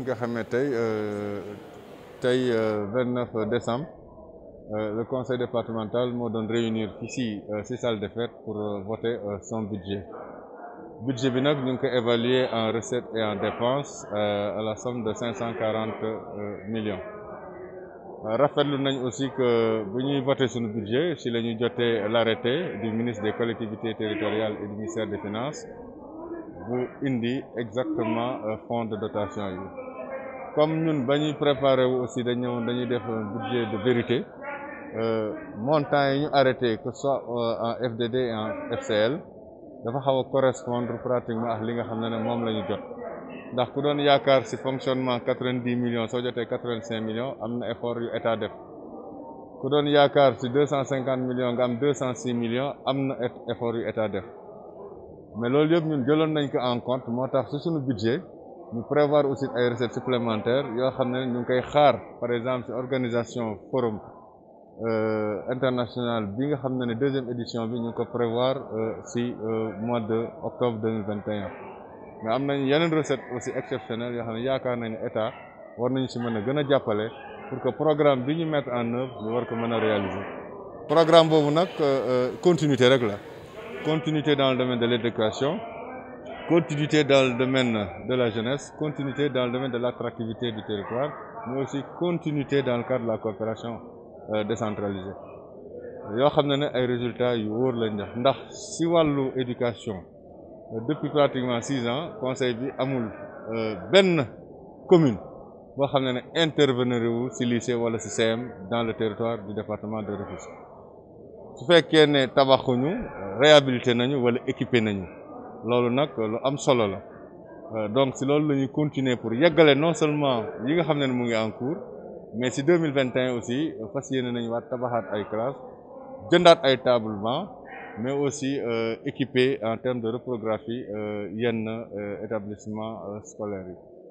29 euh, euh, décembre euh, le conseil départemental m'a donné réunir ici ces salles de fête, pour voter son budget budget est évalué évalué en recettes et en dépenses à la somme de 540 millions Raphaël nañ aussi que bu voter son budget si la ñu l'arrêté du ministre des collectivités territoriales et du ministère des finances vous indi exactement euh, fonds de dotation yi comme ñun ba ñuy préparé wu aussi dañu dañuy def un budget de vérité euh, montant yi ñu arrêté que ce soit euh, en FDD et en FCL dafa xaw correspondre pratiquement ak li nga xamné mom lañu jot ndax ku doon yaakaar ci fonctionnement 90 millions so jotee 85 millions amna effort yu état def ku doon yaakaar ci 250 millions nga am 206 millions amna effort yu état def mais loolu yëpp ñun jëloon nañ ko en compte moo tax su suñu budget ñu prévoir aussi ay recettes supplémentaires yoo xam ne ñu ngi koy xaar par exemple ci organisation forum euh, international bi nga xam ne ne deuxième édition bi ñu ko prévoir ci euh, euh, mois de octobre deux mille vingt et un am nañ yeneen recette aussi exceptionnelle yoo xam ne yaakaar nañ ne état war nañu si mën a gën a jàppale pour que programme bi ñu mettre en œuvre ñu war ko mën a réaliser programme boobu nag continuité rek la continuité dans le domaine de l'éducation, continuité dans le domaine de la jeunesse, continuité dans le domaine de l'attractivité du territoire, mais aussi continuité dans le cadre de la coopération euh, décentralisée. Et on résultats qui wóor Si ndax si l'éducation euh, depuis pratiquement six ans conseil dit « amul une euh, commune boo xam ne sur intervenir lycée ou le système dans le territoire du département de Rufisque su fekkee ne tabaxuñu réhabiliter nañu wala équipé nañu loolu nag lu am solo la euh, donc si loolu la ñuy continuer pour yeggale non seulement yi nga xam ne mu ngi en cours mais si 2021 aussi euh, fas yéene nañu waat tabaxaat ay classe jëndaat ay tablement mais aussi euh, équipé en termes de reprographie yenn établissement scolaire yi